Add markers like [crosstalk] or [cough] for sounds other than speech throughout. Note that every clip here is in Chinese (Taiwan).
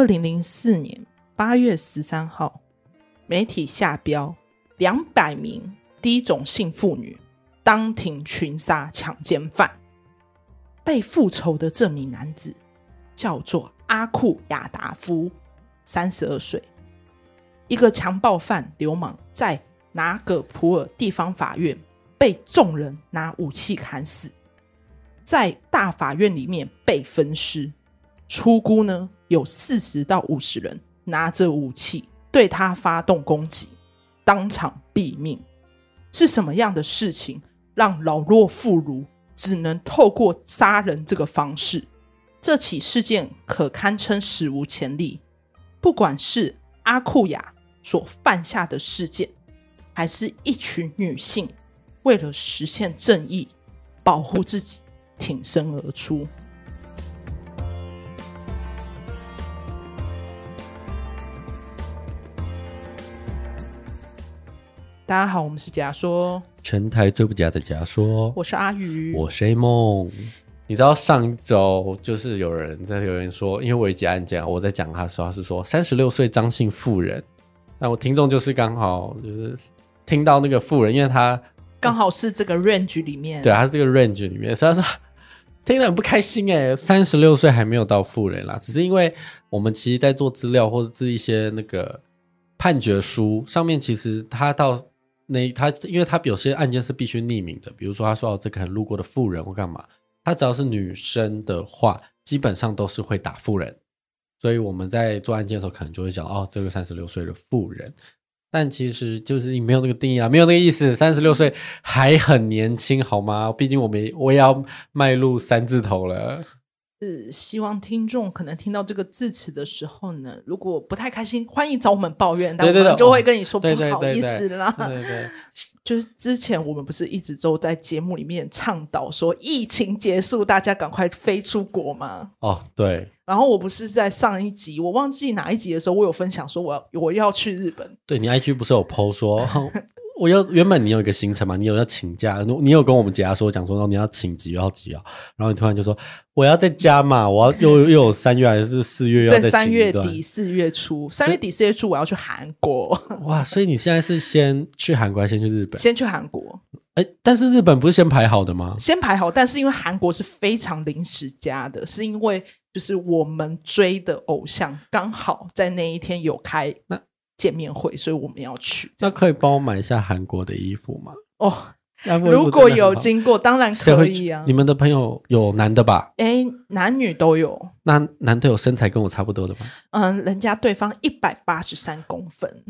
二零零四年八月十三號，媒體下標，兩百名低種姓婦女當庭群殺強姦犯，被復仇的這名男子叫做阿庫亞達夫，三十二歲，一個強暴犯流氓，在那格浦爾地方法院被眾人拿武器砍死，在大法院裡面被分屍，初估呢，有四十到五十人拿着武器對他發動攻擊，當場斃命。是什麼樣的事情讓老弱婦孺只能透過殺人這個方式？這起事件可堪稱史無前例。不管是阿庫亞所犯下的事件，還是一群女性為了實現正義、保護自己挺身而出。大家好，我們是假說，全台最不假的假說。我是阿宇，我是 A 夢。你知道上一週就是有人在留言說，因為我一集案件，我在講他時候是說三十六歲張姓婦人，那我聽眾就是剛好就是聽到那個婦人，因為他剛好是這個 range 裡面，對，他是這個 range 裡面，所以他說聽得很不開心哎、欸，三十六歲還沒有到婦人啦，只是因為我們其實在做資料或者是一些那個判決書上面，其實他到。那他，因為他有些案件是必須匿名的，比如說他說到這個路過的婦人或幹嘛？他只要是女生的話，基本上都是會打婦人，所以我們在做案件的時候，可能就會講哦，這個三十六歲的婦人。但其實就是你沒有那個定義啊，沒有那個意思，三十六歲還很年輕，好嗎？畢竟我們我也要邁入三字頭了。是希望聽眾可能聽到這個字詞的時候呢，如果不太開心，歡迎找我們抱怨，但我們就會跟你說不好意思啦，對對，對，對對，對對對就是之前我們不是一直都在節目裡面倡導說，疫情結束大家趕快飛出國嗎？哦，對。然後我不是在上一集，我忘記哪一集的時候，我有分享說我要，我我要去日本。對，你 IG 不是有 PO 說、哦？ [laughs] 我要原本你有一個行程嘛，你有要請假，你有跟我們姐姐說講說，說你要請幾號幾號，然後你突然就說我要在家嘛，我要又又有三月還是四月要。對，三月底四月初，三月底四月初我要去韓國。哇，所以你現在是先去韓國還是先去日本？先去韓國。哎，但是日本不是先排好的嗎？先排好，但是因為韓國是非常臨時加的，是因為就是我們追的偶像剛好在那一天有開那。見面會，所以我們要去。那可以幫我買一下韓國的衣服嗎？哦，如果有經過，當然可以啊。你們的朋友有男的吧？誒、欸，男女都有。那男的有身材跟我差不多的嗎？嗯、呃，人家對方一百八十三公分，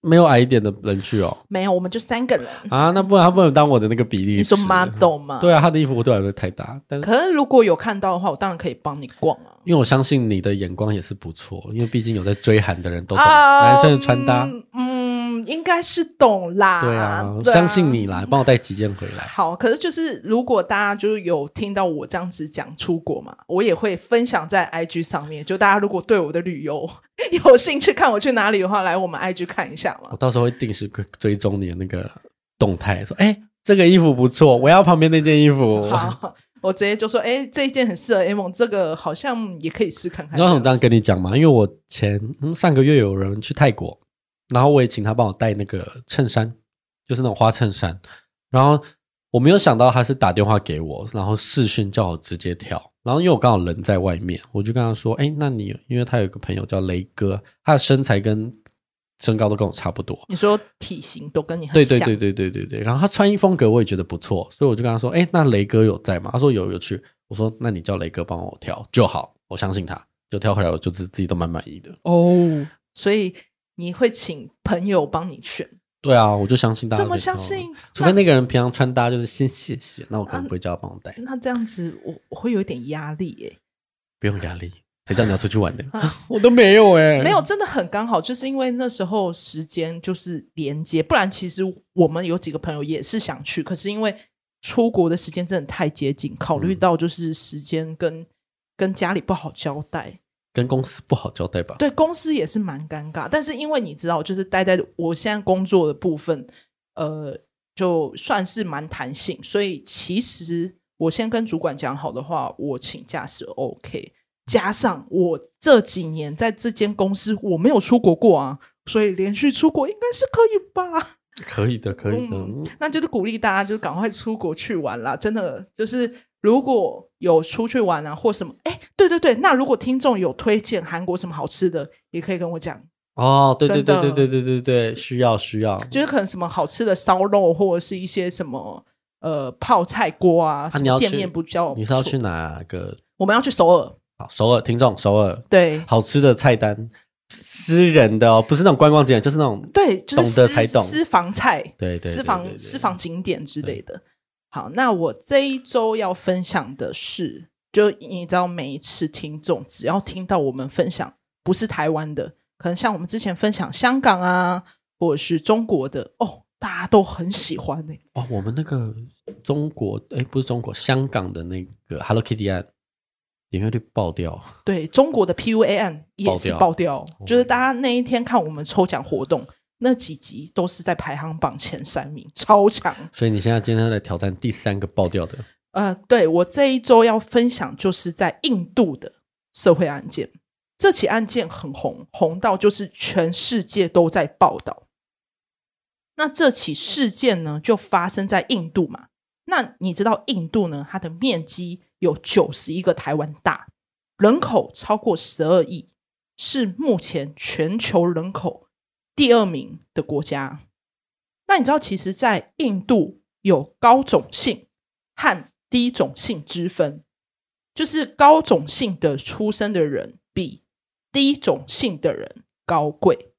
沒有矮一點的人去哦。沒有，我們就三個人啊。那不然，他不能當我的那個比例，你說 model 嗎？對啊，他的衣服我都感覺太大。但是，可是如果有看到的話，我當然可以幫你逛啊。因為我相信你的眼光也是不錯，因為畢竟有在追韓的人都懂男生的穿搭，嗯，uh, um, um, 應該是懂啦。對啊，對啊，相信你啦，幫我帶幾件回來。好，可是就是如果大家就是有聽到我這樣子講出國嘛，我也會分享在 IG 上面。就大家如果對我的旅遊有興趣，看我去哪裡的話，來我們 IG 看一下嘛。我到時候會定時追蹤你的那個動態，說，誒，欸，這個衣服不錯，我要旁邊那件衣服。我直接就說：“哎，這一件很適合 M，這個好像也可以試看看。”然後我這樣跟你講嘛，因為我前，嗯，上個月有人去泰國，然後我也請他幫我帶那個襯衫，就是那種花襯衫。然後我沒有想到他是打電話給我，然後視訊叫我直接跳。然後因為我剛好人在外面，我就跟他說：“哎，那你因為他有個朋友叫雷哥，他的身材跟……”身高都跟我差不多，你說體型都跟你很像，對對對對對對對，然後他穿衣風格我也覺得不錯，所以我就跟他說：“哎，那雷哥有在嗎？”他說：“有，有去。”我說：“那你叫雷哥幫我挑就好，我相信他，就挑回來，我就自自己都蠻滿意的。”哦，所以你會請朋友幫你選？對啊，我就相信大家，這麼相信，除非那個人平常穿搭就是先謝謝，那，那我可能不會叫他幫我帶那。那這樣子我，我我會有點壓力耶、欸。不用壓力。誰叫你要出去玩的？ [laughs] [laughs] 我都沒有哎、欸，沒有，真的很剛好，就是因為那時候時間就是連接，不然其實我們有幾個朋友也是想去，可是因為出國的時間真的太接近，考慮到就是時間跟、嗯、跟家裡不好交代，跟公司不好交代吧。對公司也是蠻尷尬，但是因為你知道，就是待在我現在工作的部分，呃，就算是蠻彈性，所以其實我先跟主管講好的話，我請假是 OK。加上我這幾年在這間公司，我沒有出國過啊，所以連續出國應該是可以吧？可以的，可以的。嗯，那就是鼓勵大家，就是趕快出國去玩啦。真的，就是如果有出去玩啊，或什麼，哎，對對對，那如果聽眾有推薦韓國什麼好吃的，也可以跟我講。哦，對對對對對對對對，需要需要。就是可能什麼好吃的燒肉，或者是一些什麼呃泡菜鍋啊，啊什麼店面啊。你要去不？叫你是要去哪個？我們要去首爾。好，首爾聽眾，首爾對好吃的菜單，私人的哦，嗯、不是那種觀光景點，就是那種懂得才懂對，就是私，懂私房菜，對對，對，對，對對，私房私房景點之類的。對好，那我這一周要分享的是，就你知道，每一次聽眾只要聽到我們分享，不是台灣的，可能像我們之前分享香港啊，或者是中國的哦，大家都很喜歡的、欸。哦，我們那個中國哎、欸，不是中國，香港的那個 Hello Kitty 啊。點閱率爆掉，對中國的 PUA 案也是爆掉，爆掉啊，就是大家那一天看我們抽獎活動、哦，那幾集都是在排行榜前三名，超強。所以你現在今天要來挑戰第三個爆掉的，呃，對我這一周要分享就是在印度的社會案件，這起案件很紅，紅到就是全世界都在報道。那這起事件呢，就發生在印度嘛？那你知道印度呢，它的面積？有九十一個台灣大，人口超過十二億，是目前全球人口第二名的國家。那你知道，其實，在印度有高種姓和低種姓之分，就是高種姓的出生的人比低種姓的人高貴。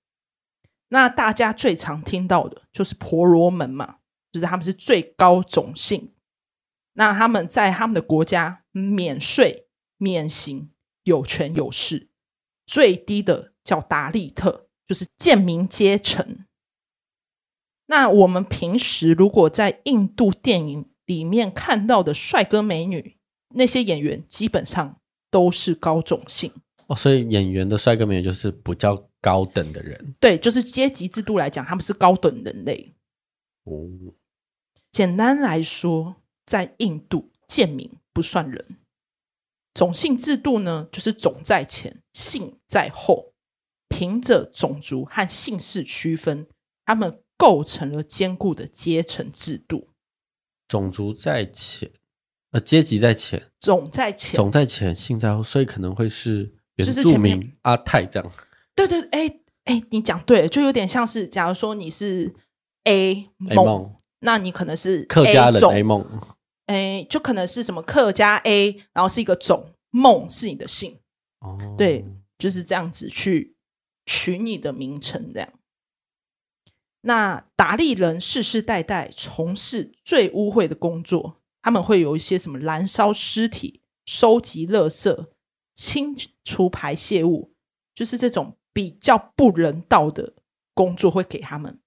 那大家最常聽到的就是婆羅門嘛，就是他們是最高種姓。那他們在他們的國家免稅、免刑，有權有勢。最低的叫達利特，就是賤民階層。那我們平時如果在印度電影裡面看到的帥哥美女，那些演員基本上都是高種姓哦。所以演員的帥哥美女就是比較高等的人，對，就是階級制度來講，他們是高等人類。哦，簡單來說。在印度，賤民不算人。種姓制度呢，就是種在前，姓在後，憑着種族和姓氏區分，他們構成了堅固的階層制度。種族在前，呃，階級在前，種在前，種在前，姓在後，所以可能會是原住民阿泰這樣。對，對對，哎、欸、哎、欸，你講對，就有點像是，假如說你是 A 夢，ong, A ong, 那你可能是、A、ong, 客家人 A 夢。哎，就可能是什麼客家 A，然後是一個種，夢是你的姓，哦，對，就是這樣子去取你的名稱。這樣，那達利人世世代代從事最污穢的工作，他們會有一些什麼燃燒屍體、收集垃圾、清除排泄物，就是這種比較不人道的工作會給他們。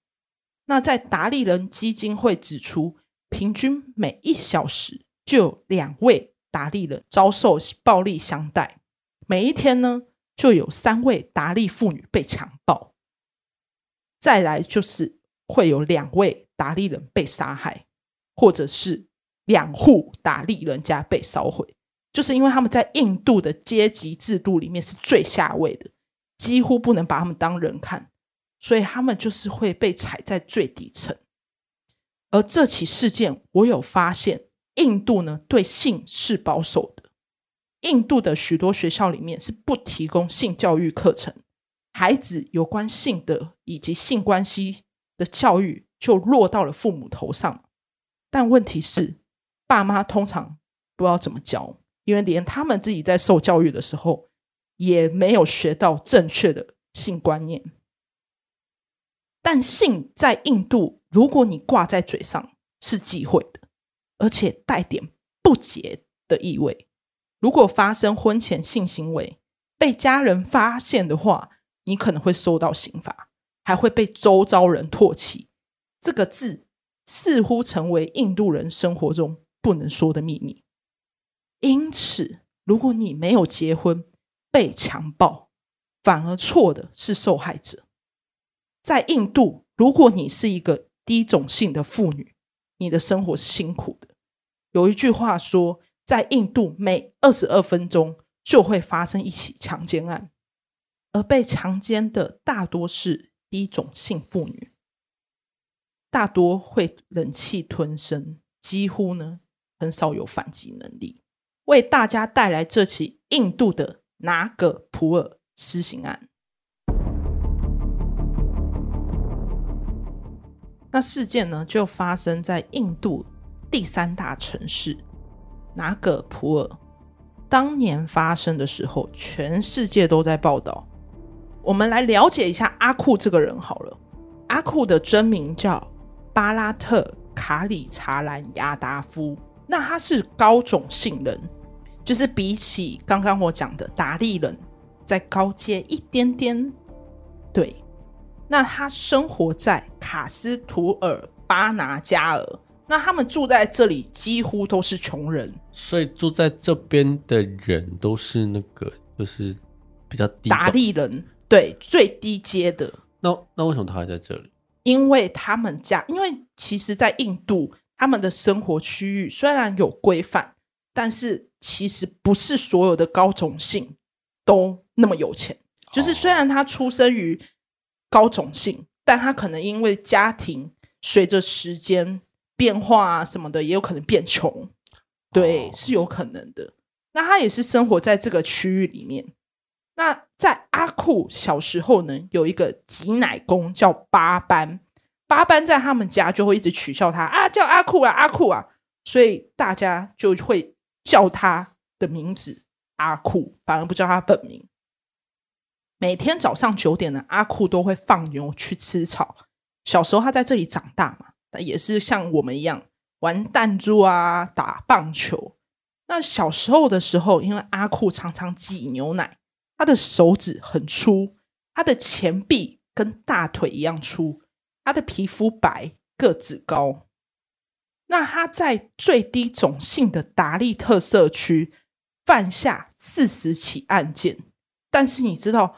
那在達利人基金會指出。平均每一小時就有兩位達利人遭受暴力相待，每一天呢就有三位達利婦女被強暴。再來就是會有兩位達利人被殺害，或者是兩戶達利人家被燒毀，就是因為他們在印度的階級制度裡面是最下位的，幾乎不能把他們當人看，所以他們就是會被踩在最底層。而這起事件，我有發現，印度呢對性是保守的。印度的許多學校裡面是不提供性教育課程，孩子有關性的以及性關係的教育就落到了父母頭上。但問題是，爸媽通常不知道怎麼教，因為連他們自己在受教育的時候也沒有學到正確的性觀念。但性在印度，如果你掛在嘴上是忌諱的，而且帶點不潔的意味。如果發生婚前性行為被家人發現的話，你可能會受到刑罰，還會被周遭人唾棄。這個字似乎成為印度人生活中不能說的秘密。因此，如果你沒有結婚被強暴，反而錯的是受害者。在印度，如果你是一個低種姓的婦女，你的生活是辛苦的。有一句話說，在印度每二十二分鐘就會發生一起強姦案，而被強姦的大多是低種姓婦女，大多會忍氣吞聲，幾乎呢很少有反擊能力。為大家帶來這起印度的那格浦爾私刑案。那事件呢，就發生在印度第三大城市，那格浦爾。當年發生的時候，全世界都在報道。我們來了解一下阿庫這個人好了。阿庫的真名叫巴拉特卡里查蘭亞達夫。那他是高種姓人，就是比起剛剛我講的達利人，再高階一點點。對。那他生活在卡斯圖爾巴拿加爾，那他們住在這裡幾乎都是窮人，所以住在這邊的人都是那個就是比較低達利人，對，最低階的。那那為什麼他還在這裡？因為他們家，因為其實，在印度，他們的生活區域雖然有規範，但是其實不是所有的高種姓都那麼有錢。就是雖然他出生於。高種姓，但他可能因為家庭隨着時間變化啊什麼的，也有可能變窮，對，哦、是有可能的。那他也是生活在這個區域裡面。那在阿庫小時候呢，有一個擠奶工叫巴班，巴班在他們家就會一直取笑他啊，叫阿庫啊，阿庫啊，所以大家就會叫他的名字阿庫，反而不叫他本名。每天早上九點呢，阿庫都會放牛去吃草。小時候他在這裡長大嘛，也是像我們一樣玩彈珠啊、打棒球。那小時候的時候，因為阿庫常常擠牛奶，他的手指很粗，他的前臂跟大腿一樣粗，他的皮膚白，個子高。那他在最低種姓的達利特社區犯下四十起案件，但是你知道，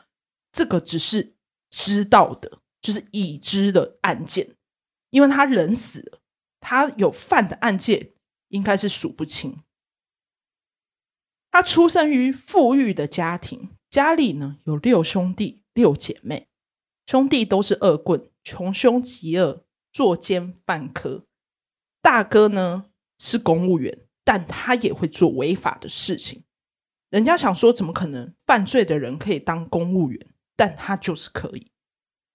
這個只是知道的，就是已知的案件，因為他人死了，他有犯的案件應該是數不清。他出生於富裕的家庭，家裡呢有六兄弟六姐妹，兄弟都是惡棍，窮凶極惡，作奸犯科。大哥呢是公務員，但他也會做違法的事情。人家想說，怎麼可能犯罪的人可以當公務員？但他就是可以，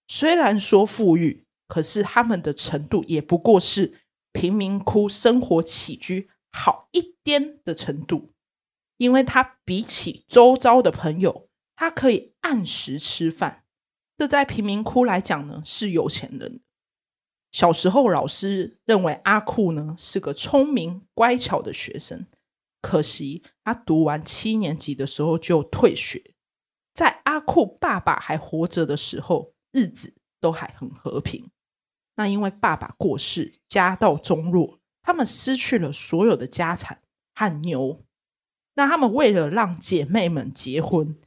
雖然說富裕，可是他們的程度也不過是貧民窟生活起居好一點的程度，因為他比起周遭的朋友，他可以按時吃飯，這在貧民窟來講呢是有錢人。小時候，老師認為阿庫呢是個聰明乖巧的學生，可惜他讀完七年級的時候就退學。阿庫爸爸還活着的時候，日子都還很和平。那因為爸爸過世，家道中落，他們失去了所有的家產和牛。那他們為了讓姐妹們結婚，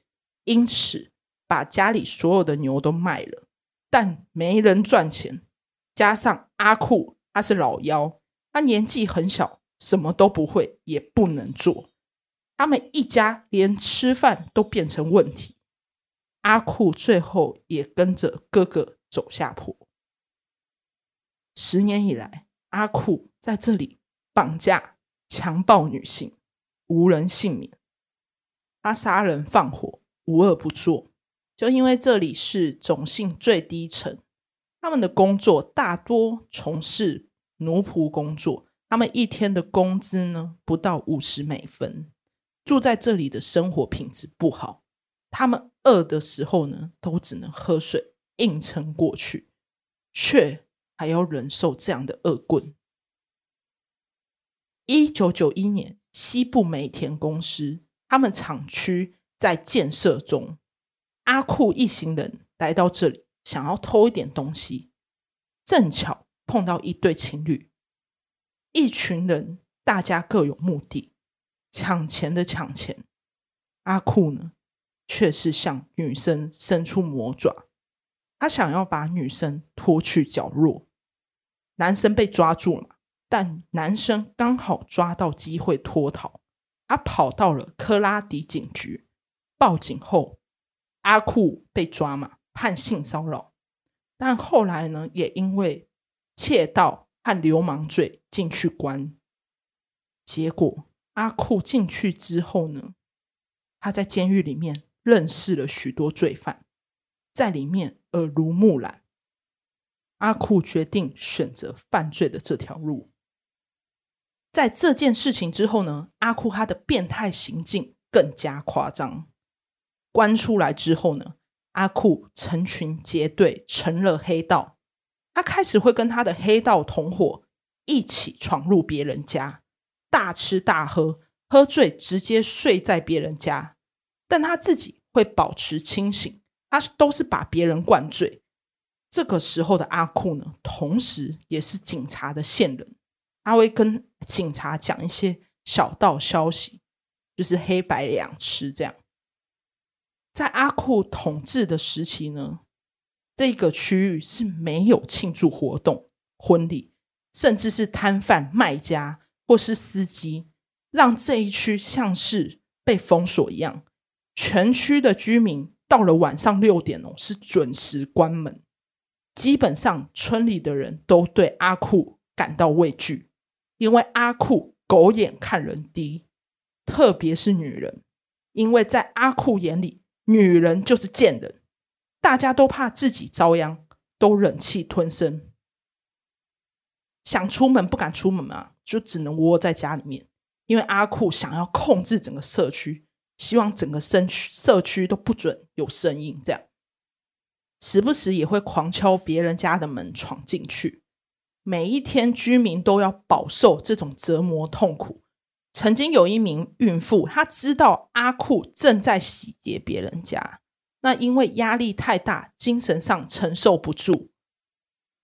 因此把家裡所有的牛都賣了，但沒人賺錢。加上阿庫他是老幺，他年紀很小，什麼都不會，也不能做。他們一家連吃飯都變成問題。阿庫最後也跟着哥哥走下坡。十年以來，阿庫在這裡綁架、強暴女性，無人幸免。他殺人放火，無惡不作。就因為這裡是種姓最低層，他們的工作大多從事奴僕工作，他們一天的工資呢不到五十美分，住在這裡的生活品質不好，他們。餓的時候呢，都只能喝水硬撐過去，卻還要忍受這樣的惡棍。一九九一年，西部煤田公司他們廠區在建設中，阿庫一行人來到這裡，想要偷一點東西，正巧碰到一對情侶，一群人，大家各有目的，搶錢的搶錢，阿庫呢？卻是向女生伸出魔爪，他想要把女生拖去角落。男生被抓住了，但男生剛好抓到機會脫逃，他跑到了科拉迪警局，報警後，阿庫被抓嘛，判性騷擾。但後來呢，也因為竊盜和流氓罪進去關。結果阿庫進去之後呢，他在監獄裡面。認識了許多罪犯，在裡面耳濡目染，阿庫決定選擇犯罪的這條路。在這件事情之後呢，阿庫他的變態行徑更加誇張。關出來之後呢，阿庫成群結隊成了黑道，他開始會跟他的黑道同夥一起闖入別人家，大吃大喝，喝醉直接睡在別人家。但他自己會保持清醒，他都是把別人灌醉。這個時候的阿庫呢，同時也是警察的線人，他會跟警察講一些小道消息，就是黑白兩吃這樣。在阿庫統治的時期呢，這個區域是沒有慶祝活動、婚禮，甚至是攤販、賣家或是司機，讓這一區像是被封鎖一樣。全區的居民到了晚上六點鐘哦，是準時關門。基本上村裡的人都對阿庫感到畏懼，因為阿庫狗眼看人低，特別是女人，因為在阿庫眼裡，女人就是賤人。大家都怕自己遭殃，都忍氣吞聲，想出門不敢出門啊，就只能窩在家裡面。因為阿庫想要控制整個社區。希望整個社區社區都不准有聲音，這樣時不時也會狂敲別人家的門，闖進去。每一天居民都要飽受這種折磨痛苦。曾經有一名孕婦，她知道阿庫正在洗劫別人家，那因為壓力太大，精神上承受不住，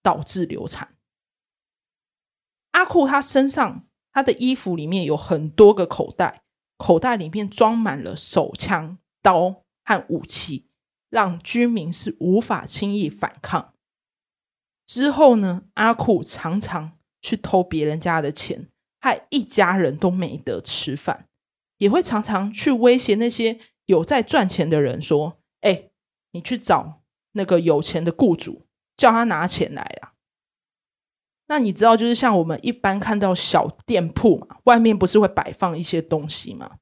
導致流產。阿庫他身上，他的衣服裡面有很多個口袋。口袋裡面裝滿了手槍、刀和武器，讓居民是無法輕易反抗。之後呢，阿庫常常去偷別人家的錢，害一家人都沒得吃飯，也會常常去威脅那些有在賺錢的人，說：“哎、欸，你去找那個有錢的雇主，叫他拿錢來啊。”那你知道，就是像我們一般看到小店鋪嘛，外面不是會擺放一些東西嗎？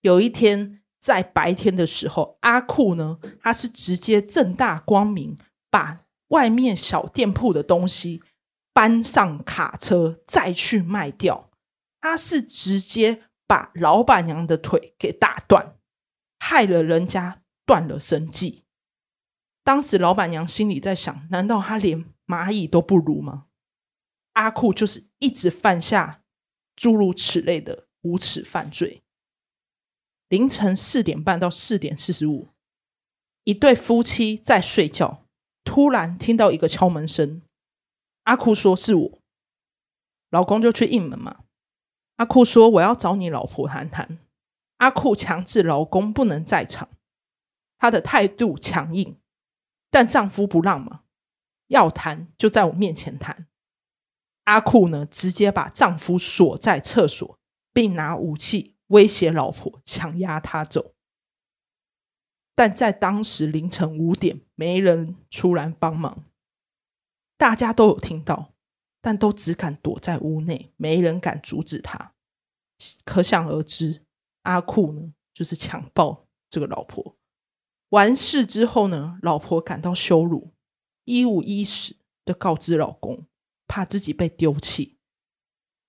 有一天在白天的時候，阿庫呢，他是直接正大光明把外面小店鋪的東西搬上卡車再去賣掉。他是直接把老板娘的腿給打斷，害了人家斷了生計。當時老板娘心裡在想，難道他連螞蟻都不如嗎？阿庫就是一直犯下諸如此類的無恥犯罪。凌晨四點半到四點四十五，一對夫妻在睡覺，突然聽到一個敲門聲。阿庫說：“是我。”老公就去應門嘛。阿庫說：“我要找你老婆談談。”阿庫強制老公不能在場，他的態度強硬，但丈夫不讓嘛。要談，就在我面前談。阿庫呢，直接把丈夫鎖在廁所，並拿武器威脅老婆，強壓她走。但在當時凌晨五點，沒人出來幫忙，大家都有聽到，但都只敢躲在屋內，沒人敢阻止他。可想而知，阿庫呢，就是強暴這個老婆。完事之後呢，老婆感到羞辱。一五一十的告知老公，怕自己被丟棄，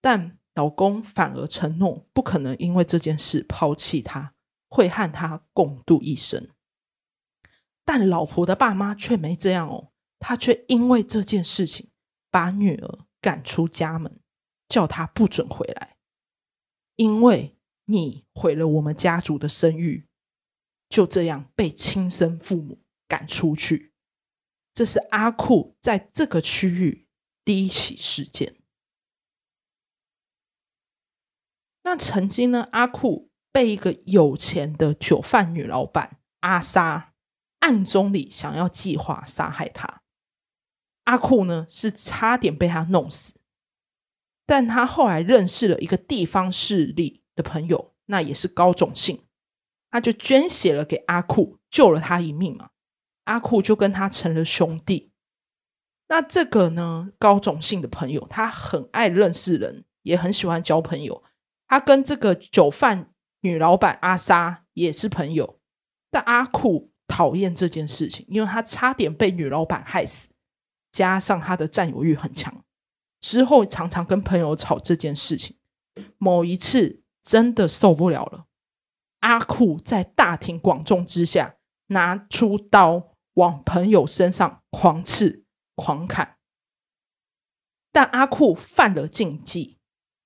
但老公反而承諾不可能因為這件事拋棄他，會和他共度一生。但老婆的爸媽卻沒這樣哦，他卻因為這件事情把女兒趕出家門，叫她不准回來，因為你毀了我們家族的聲譽，就這樣被親生父母趕出去。這是阿庫在這個區域第一起事件。那曾經呢，阿庫被一個有錢的酒販女老板阿莎暗中裡想要計劃殺害他。阿庫呢是差點被他弄死，但他後來認識了一個地方勢力的朋友，那也是高種姓，他就捐血了給阿庫，救了他一命嘛、啊。阿庫就跟他成了兄弟。那這個呢，高種姓的朋友，他很愛認識人，也很喜歡交朋友。他跟這個酒販女老板阿莎也是朋友。但阿庫討厭這件事情，因為他差點被女老板害死，加上他的占有欲很強，之後常常跟朋友吵這件事情。某一次真的受不了了，阿庫在大庭廣眾之下拿出刀。往朋友身上狂刺、狂砍，但阿庫犯了禁忌，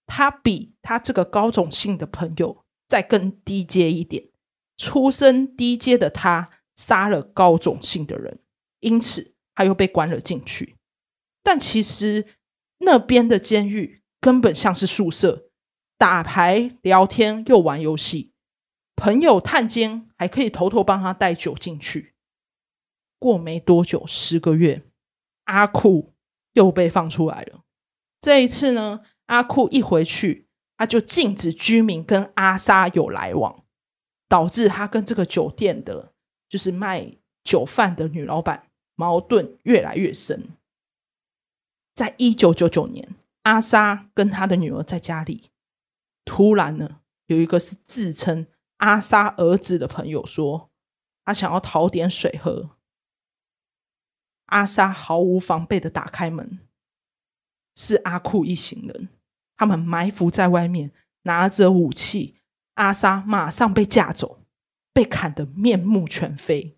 他比他這個高種姓的朋友再更低階一點。出身低階的他殺了高種姓的人，因此他又被關了進去。但其實那邊的監獄根本像是宿舍，打牌、聊天又玩遊戲，朋友探監還可以偷偷幫他帶酒進去。過沒多久，十個月，阿庫又被放出來了。這一次呢，阿庫一回去，他就禁止居民跟阿莎有來往，導致他跟這個酒店的，就是賣酒飯的女老板矛盾越來越深。在一九九九年，阿莎跟他的女兒在家裡，突然呢，有一個是自稱阿莎兒子的朋友說，他想要討點水喝。阿莎毫無防備的打開門，是阿庫一行人，他們埋伏在外面，拿着武器。阿莎馬上被架走，被砍得面目全非。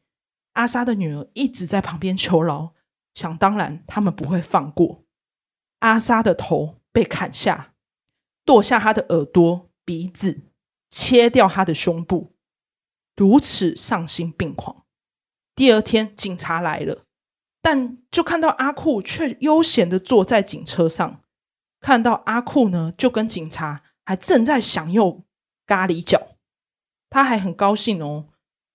阿莎的女兒一直在旁邊求饒，想當然，他們不會放過。阿莎的頭被砍下，剁下她的耳朵、鼻子，切掉她的胸部，如此喪心病狂。第二天，警察來了。但就看到阿庫卻悠閒地坐在警車上，看到阿庫呢，就跟警察還正在享用咖喱角。他還很高興哦。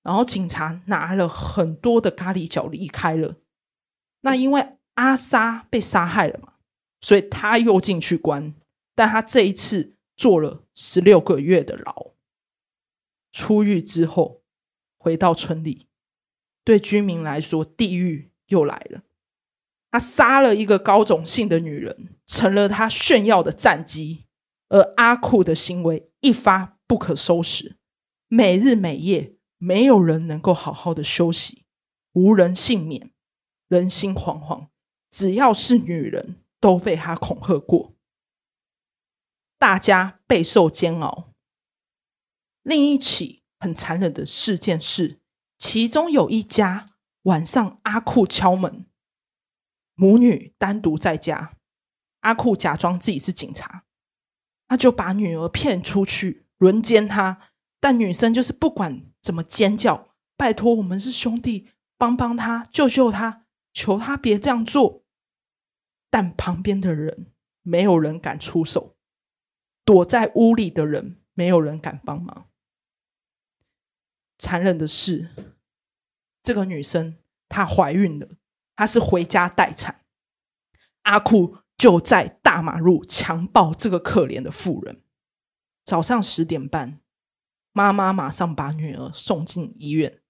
然後警察拿了很多的咖喱角離開了。那因為阿沙被殺害了嘛，所以他又進去關，但他這一次坐了十六個月的牢。出獄之後回到村裡，對居民來說，地獄。又來了！他殺了一個高種姓的女人，成了他炫耀的戰績。而阿庫的行為一發不可收拾，每日每夜，沒有人能夠好好的休息，無人幸免，人心惶惶。只要是女人，都被他恐嚇過，大家備受煎熬。另一起很殘忍的事件是，其中有一家。晚上，阿庫敲門，母女單獨在家。阿庫假裝自己是警察，他就把女兒騙出去輪姦她。但女生就是不管怎麼尖叫，拜託我們是兄弟，幫幫他，救救他，求他別這樣做。但旁邊的人沒有人敢出手，躲在屋裡的人沒有人敢幫忙。殘忍的是。這個女生她懷孕了，她是回家待產。阿庫就在大馬路強暴這個可憐的婦人。早上十點半，媽媽馬上把女兒送進醫院。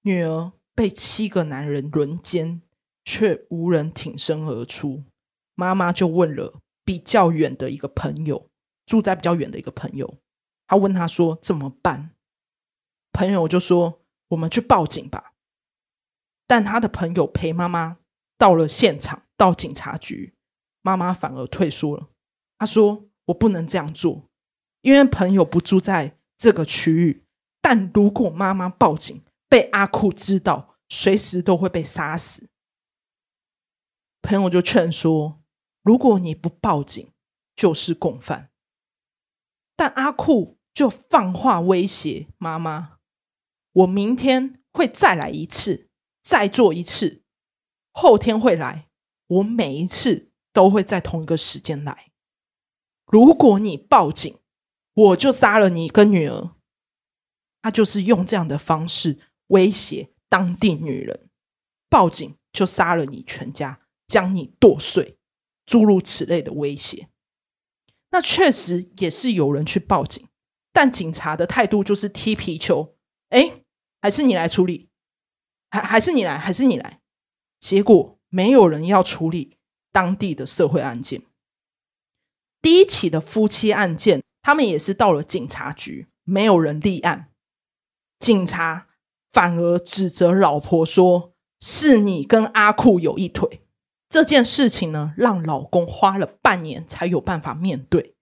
女兒被七個男人輪姦，卻無人挺身而出。媽媽就問了比較遠的一個朋友，住在比較遠的一個朋友，她問她說怎麼辦？朋友就說，我們去報警吧，但他的朋友陪媽媽到了現場，到警察局，媽媽反而退縮了。他說：“我不能這樣做，因為朋友不住在這個區域。但如果媽媽報警，被阿庫知道，隨時都會被殺死。”朋友就勸說：“如果你不報警，就是共犯。”但阿庫就放話威脅媽媽。我明天會再來一次，再做一次，後天會來。我每一次都會在同一個時間來。如果你報警，我就殺了你跟女兒。他就是用這樣的方式威脅當地女人：報警就殺了你全家，將你剁碎，諸如此類的威脅。那確實也是有人去報警，但警察的態度就是踢皮球。誒還是你來處理，還還是你來，還是你來。結果沒有人要處理當地的社會案件。第一起的夫妻案件，他們也是到了警察局，沒有人立案，警察反而指責老婆說：“是你跟阿庫有一腿。”這件事情呢，讓老公花了半年才有辦法面對。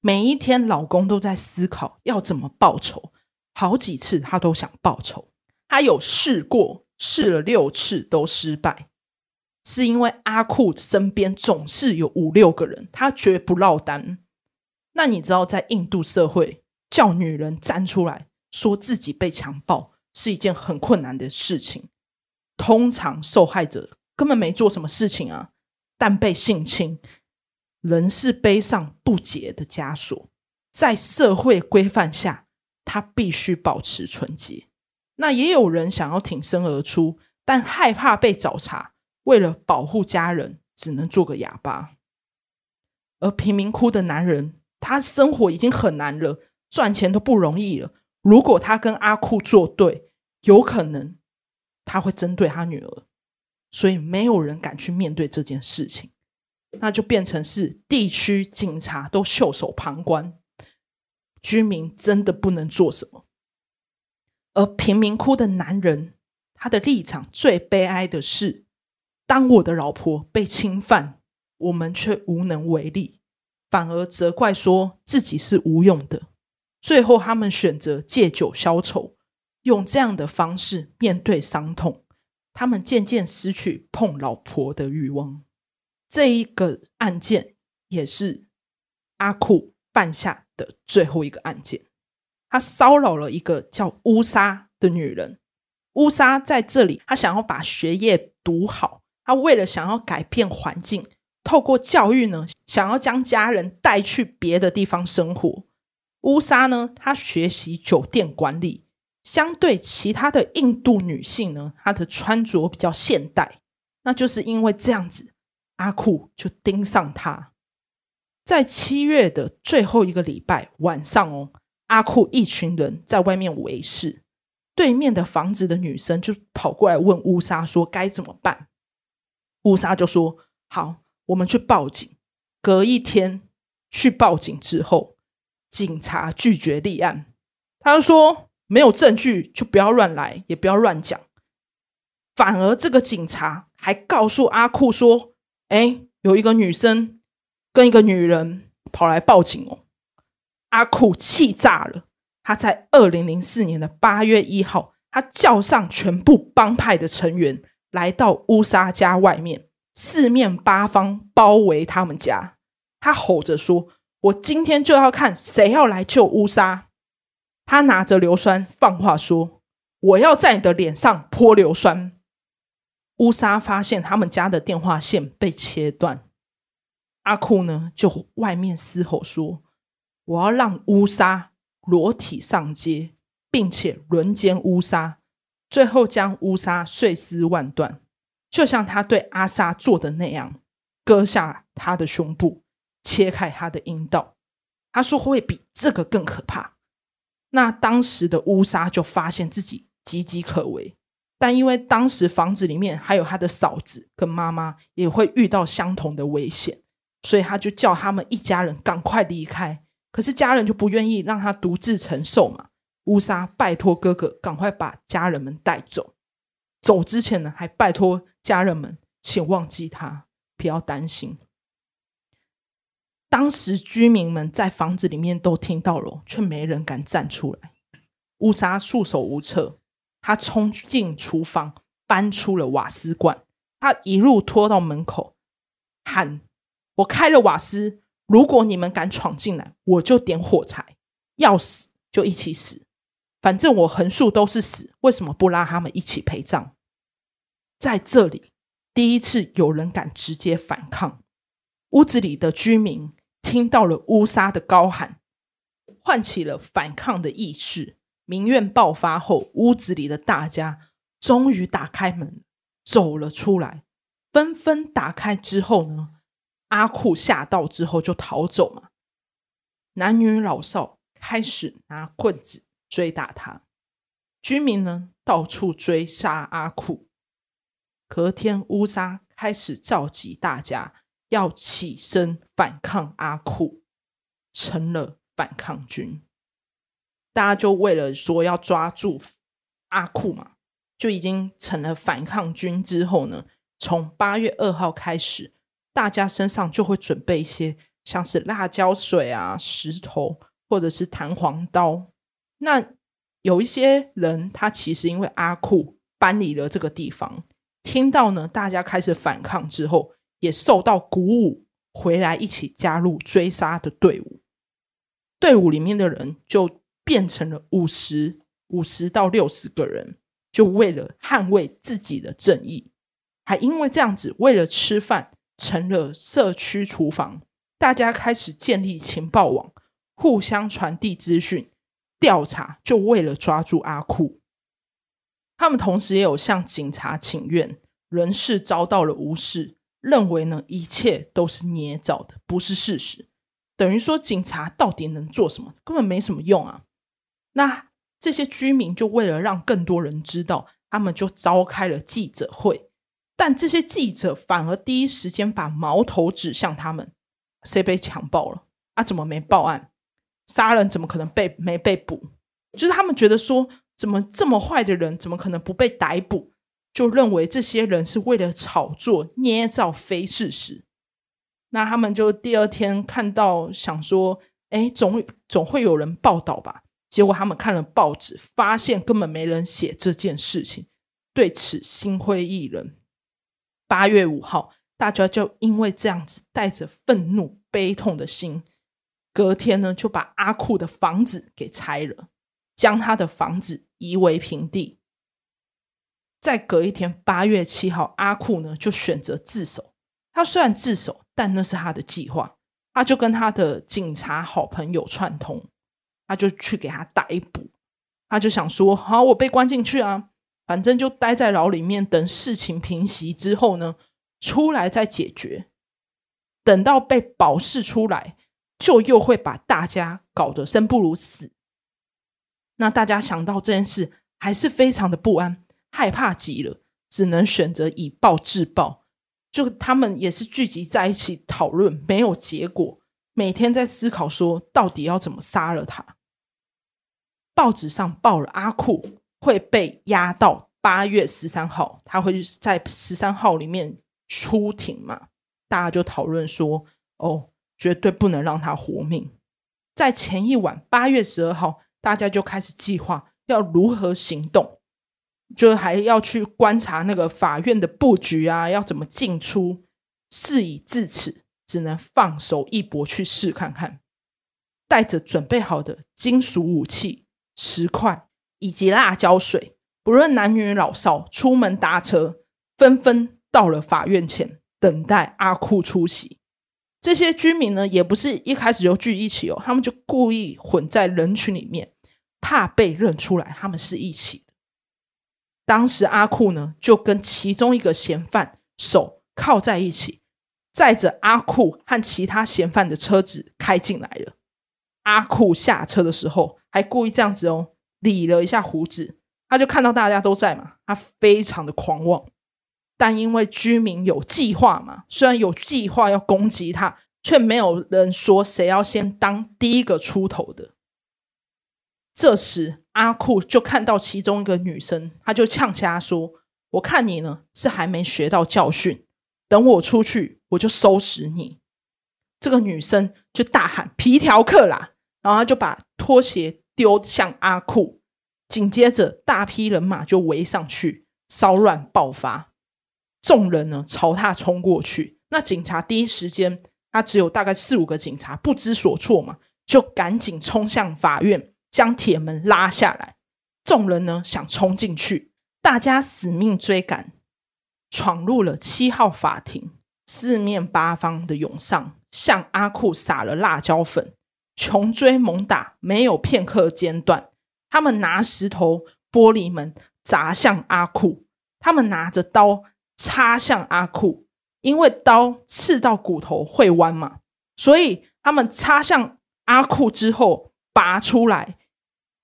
每一天，老公都在思考要怎麼報仇。好幾次，他都想報仇。他有試過，試了六次都失敗，是因為阿庫身邊總是有五六個人，他絕不落單。那你知道，在印度社會，叫女人站出來說自己被強暴是一件很困難的事情。通常受害者根本沒做什麼事情啊，但被性侵，仍是背上不解的枷鎖，在社會規範下。他必須保持純潔。那也有人想要挺身而出，但害怕被找茬，為了保護家人，只能做個啞巴。而貧民窟的男人，他生活已經很難了，賺錢都不容易了。如果他跟阿庫作對，有可能他會針對他女兒，所以沒有人敢去面對這件事情。那就變成是地區警察都袖手旁觀。居民真的不能做什麼，而貧民窟的男人，他的立場最悲哀的是，當我的老婆被侵犯，我們卻無能為力，反而責怪說自己是無用的。最後，他們選擇借酒消愁，用這樣的方式面對傷痛。他們漸漸失去碰老婆的欲望。這一個案件也是阿庫犯下的最後一個案件，他騷擾了一個叫烏莎的女人。烏莎在這裡，她想要把學業讀好，她為了想要改變環境，透過教育呢，想要將家人帶去別的地方生活。烏莎呢，她學習酒店管理，相對其他的印度女性呢，她的穿着比較現代，那就是因為這樣子，阿庫就盯上她。在七月的最後一個禮拜晚上哦，阿庫一群人在外面圍事，對面的房子的女生就跑過來問烏沙說該怎麼辦。烏沙就說：“好，我們去報警。”隔一天去報警之後，警察拒絕立案，他就說：“沒有證據就不要亂來，也不要亂講。”反而這個警察還告訴阿庫說：“誒，有一個女生。”跟一個女人跑來報警哦，阿庫氣炸了。他在二零零四年的八月一號，他叫上全部幫派的成員來到烏沙家外面，四面八方包圍他們家。他吼着說：“我今天就要看誰要來救烏沙。”他拿着硫酸放話說：“我要在你的臉上潑硫酸。”烏沙發現他們家的電話線被切斷。阿庫呢，就外面嘶吼說：“我要讓烏沙裸體上街，並且輪姦烏沙，最後將烏沙碎屍萬段，就像他對阿莎做的那樣，割下他的胸部，切開他的陰道。”他說會比這個更可怕。那當時的烏沙就發現自己岌岌可危，但因為當時房子裡面還有他的嫂子跟媽媽，也會遇到相同的危險。所以他就叫他們一家人趕快離開。可是家人就不願意讓他獨自承受嘛。烏沙拜托哥哥趕快把家人們帶走。走之前呢，還拜托家人們，請忘記他，不要擔心。當時居民們在房子裡面都聽到了，卻沒人敢站出來。烏沙束手無策，他衝進廚房，搬出了瓦斯罐，他一路拖到門口，喊。我開了瓦斯，如果你們敢闖進來，我就點火柴，要死就一起死，反正我橫豎都是死，為什麼不拉他們一起陪葬？在這裡，第一次有人敢直接反抗。屋子裡的居民聽到了烏沙的高喊，喚起了反抗的意識。民怨爆發後，屋子裡的大家終於打開門走了出來，紛紛打開之後呢？阿庫嚇到之後就逃走嘛，男女老少開始拿棍子追打他，居民呢，到處追殺阿庫。隔天烏沙開始召集大家要起身反抗阿庫，成了反抗軍。大家就為了說要抓住阿庫嘛，就已經成了反抗軍之後呢，從八月二號開始。大家身上就會準備一些像是辣椒水啊、石頭或者是彈簧刀。那有一些人，他其實因為阿庫搬離了這個地方，聽到呢大家開始反抗之後，也受到鼓舞，回來一起加入追殺的隊伍。隊伍裡面的人就變成了五十五十到六十個人，就為了捍衛自己的正義，還因為這樣子，為了吃飯。成了社區廚房，大家開始建立情報網，互相傳遞資訊，調查就為了抓住阿庫。他們同時也有向警察請願，人事遭到了無視，認為呢一切都是捏造的，不是事實。等於說警察到底能做什麼，根本沒什麼用啊。那這些居民就為了讓更多人知道，他們就召開了記者會。但這些記者反而第一時間把矛頭指向他們，誰被強暴了啊？怎麼沒報案？殺人怎麼可能被沒被捕？就是他們覺得說，怎麼這麼壞的人，怎麼可能不被逮捕？就認為這些人是為了炒作、捏造非事實。那他們就第二天看到，想說，誒，總總會有人報道吧？結果他們看了報紙，發現根本沒人寫這件事情，對此心灰意冷。八月五號，大家就因為這樣子帶着憤怒、悲痛的心，隔天呢就把阿庫的房子給拆了，將他的房子夷為平地。再隔一天，八月七號，阿庫呢就選擇自首。他雖然自首，但那是他的計劃。他就跟他的警察好朋友串通，他就去給他逮捕。他就想說：“好，我被關進去啊。”反正就待在牢裡面，等事情平息之後呢，出來再解決。等到被保釋出來，就又會把大家搞得生不如死。那大家想到這件事，還是非常的不安，害怕極了，只能選擇以暴制暴。就他們也是聚集在一起討論，沒有結果，每天在思考說，到底要怎麼殺了他。報紙上報了阿庫。會被押到八月十三號，他會在十三號裡面出庭嘛？大家就討論說，哦，絕對不能讓他活命。在前一晚，八月十二號，大家就開始計劃要如何行動，就還要去觀察那個法院的布局啊，要怎麼進出。事已至此，只能放手一搏，去試看看，帶着準備好的金屬武器、石塊。以及辣椒水，不論男女老少，出門搭車，紛紛到了法院前等待阿庫出席。這些居民呢，也不是一開始就聚一起哦，他們就故意混在人群裡面，怕被認出來他們是一起。當時阿庫呢，就跟其中一個嫌犯手銬在一起，載着阿庫和其他嫌犯的車子開進來了。阿庫下車的時候，還故意這樣子哦。理了一下鬍子，他就看到大家都在嘛，他非常的狂妄，但因為居民有計劃嘛，雖然有計劃要攻擊他，卻沒有人說誰要先當第一個出頭的。這時阿庫就看到其中一個女生，他就嗆聲說：“我看你呢是還沒學到教訓，等我出去我就收拾你。”這個女生就大喊：“皮條客啦！”然後他就把拖鞋。丟向阿庫，緊接着大批人馬就圍上去，騷亂爆發。眾人呢朝他衝過去，那警察第一時間，他只有大概四五個警察，不知所措嘛，就趕緊衝向法院，將鐵門拉下來。眾人呢想衝進去，大家死命追趕，闖入了七號法庭，四面八方的湧上，向阿庫撒了辣椒粉。窮追猛打，沒有片刻間斷。他們拿石頭、玻璃門砸向阿庫，他們拿着刀插向阿庫。因為刀刺到骨頭會彎嘛，所以他們插向阿庫之後，拔出來，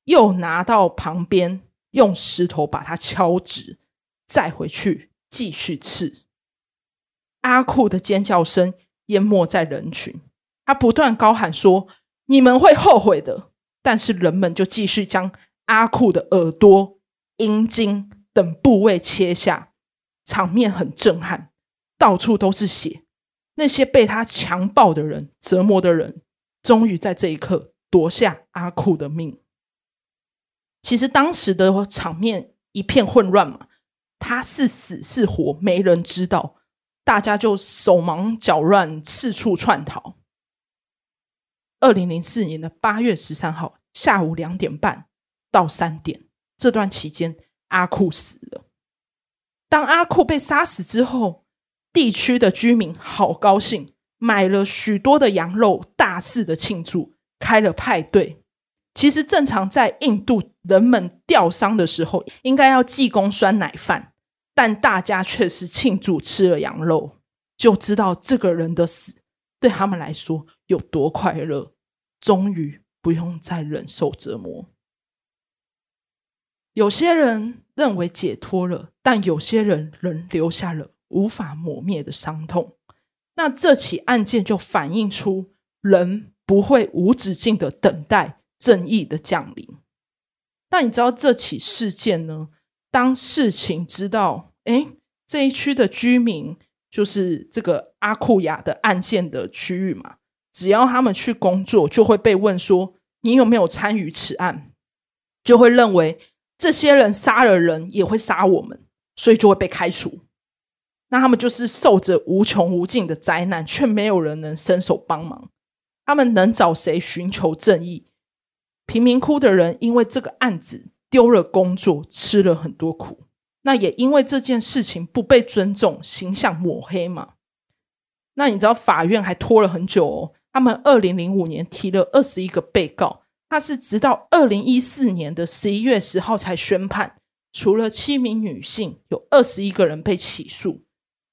又拿到旁邊用石頭把它敲直，再回去繼續刺。阿庫的尖叫聲淹沒在人群，他不斷高喊說，你們會後悔的，但是人們就繼續將阿庫的耳朵、陰莖等部位切下，場面很震撼，到處都是血。那些被他強暴的人、折磨的人，終於在這一刻奪下阿庫的命。其實當時的場面一片混亂嘛，他是死是活沒人知道，大家就手忙腳亂，四處竄逃。二零零四年的八月十三號下午兩點半到三點這段期間，阿庫死了。當阿庫被殺死之後，地區的居民好高興，買了許多的羊肉，大肆的慶祝，開了派對。其實正常在印度，人們吊喪的時候應該要祭供酸奶飯，但大家卻是慶祝吃了羊肉，就知道這個人的死對他們來說有多快樂。終於不用再忍受折磨。有些人認為解脫了，但有些人仍留下了無法磨滅的傷痛。那這起案件就反映出人不會無止境的等待正義的降臨。但你知道這起事件呢？當事情知道，哎，這一區的居民就是這個阿庫亞的案件的區域嘛？只要他們去工作，就會被問說：“你有沒有參與此案？”就會認為這些人殺了人，也會殺我們，所以就會被開除。那他們就是受着無窮無盡的災難，卻沒有人能伸手幫忙。他們能找誰尋求正義？貧民窟的人因為這個案子丟了工作，吃了很多苦。那也因為這件事情不被尊重，形象抹黑嘛。那你知道法院還拖了很久哦。他們二零零五年提了二十一個被告，他是直到二零一四年的十一月十號才宣判。除了七名女性，有二十一個人被起訴。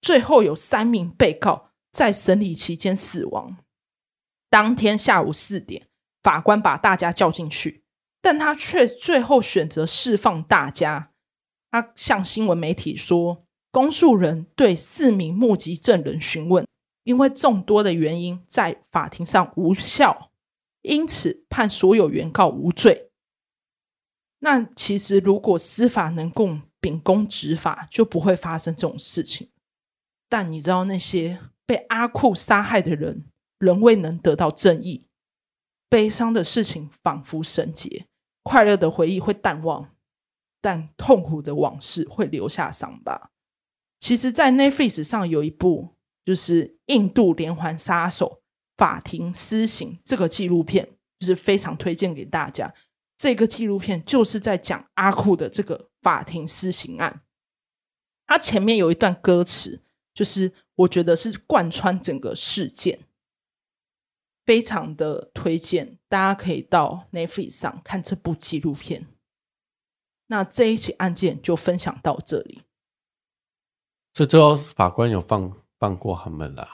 最後有三名被告在審理期間死亡。當天下午四點，法官把大家叫進去，但他卻最後選擇釋放大家。他向新聞媒體說：“公訴人對四名目擊證人詢問。”因為眾多的原因，在法庭上無效，因此判所有原告無罪。那其實，如果司法能共秉公執法，就不會發生這種事情。但你知道，那些被阿庫殺害的人，仍未能得到正義。悲傷的事情仿佛神結，快樂的回憶會淡忘，但痛苦的往事會留下傷疤。其實，在 Netflix 上有一部。就是印度連環殺手法庭私刑這個紀錄片，就是非常推薦給大家。這個紀錄片就是在講阿庫的這個法庭私刑案。它前面有一段歌詞，就是我覺得是貫穿整個事件，非常的推薦大家可以到 Netflix 上看這部紀錄片。那這一起案件就分享到這裡。這周法官有放。放過他們了，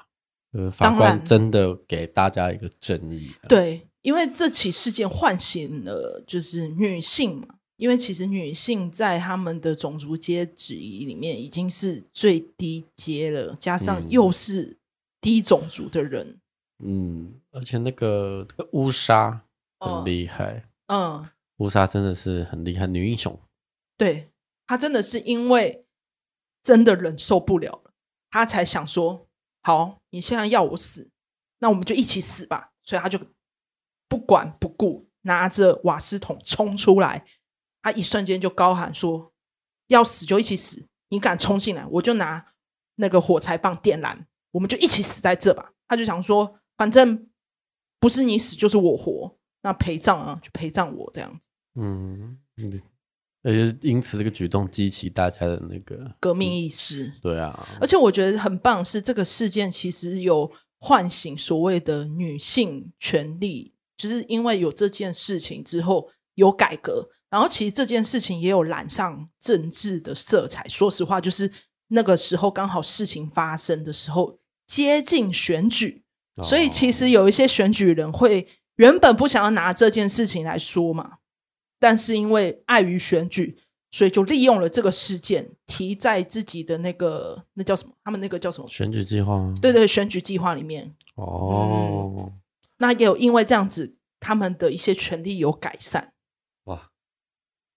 呃，法官真的給大家一個正義。對，因為這起事件喚醒了，就是女性嘛。因為其實女性在他們的種族階級裡面已經是最低階了，加上又是低種族的人。嗯,嗯，而且那個那個、烏沙很厲害嗯。嗯，烏莎真的是很厲害，女英雄。對，她真的是因為真的忍受不了。他才想說：“好，你現在要我死，那我們就一起死吧。”所以他就不管不顧，拿着瓦斯桶衝出來。他一瞬間就高喊說：“要死就一起死！你敢衝進來，我就拿那個火柴棒點燃，我們就一起死在這吧。”他就想說：“反正不是你死就是我活，那陪葬啊，就陪葬我這樣子。嗯”嗯。而且因此，這個舉動激起大家的那個革命意識、嗯。對啊，而且我覺得很棒是這個事件其實有喚醒所謂的女性權利，就是因為有這件事情之後有改革。然後其實這件事情也有染上政治的色彩。說實話，就是那個時候剛好事情發生的時候接近選舉，哦、所以其實有一些選舉人會原本不想要拿這件事情來說嘛。但是因為礙於選舉，所以就利用了這個事件提在自己的那個那叫什麼？他們那個叫什麼？選舉計劃？對，對對，選舉計劃裡面哦、嗯。那也有因為這樣子，他們的一些權利有改善，哇，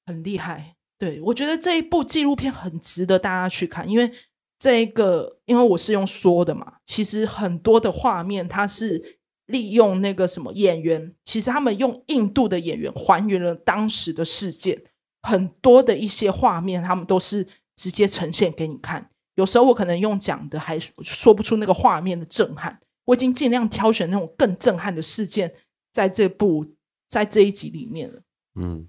很厲害。對，我覺得這一部紀錄片很值得大家去看，因為這一個，因為我是用說的嘛，其實很多的畫面它是。利用那個什麼演員，其實他們用印度的演員還原了當時的事件，很多的一些畫面，他們都是直接呈現給你看。有時候我可能用講的還說不出那個畫面的震撼，我已經儘量挑選那種更震撼的事件在這部、在這一集裡面了。嗯，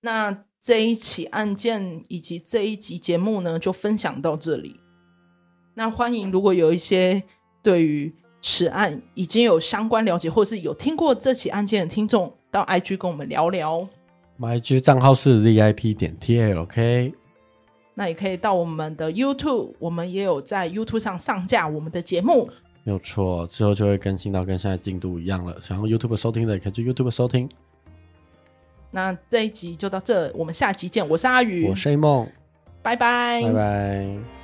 那這一起案件以及這一集節目呢，就分享到這裡。那歡迎，如果有一些對於。此案已經有相關了解，或者是有聽過這起案件的聽眾，到 IG 跟我們聊聊。MyG 賬號是 ZIP 點 TALK，okay？那也可以到我們的 YouTube，我們也有在 YouTube 上上架我們的節目。沒有錯，之後就會更新到跟現在進度一樣了。想要 YouTube 收聽的，可以去 YouTube 收聽。那這一集就到這，我們下集見。我是阿宇，我是 A 夢，拜拜 bye，拜拜。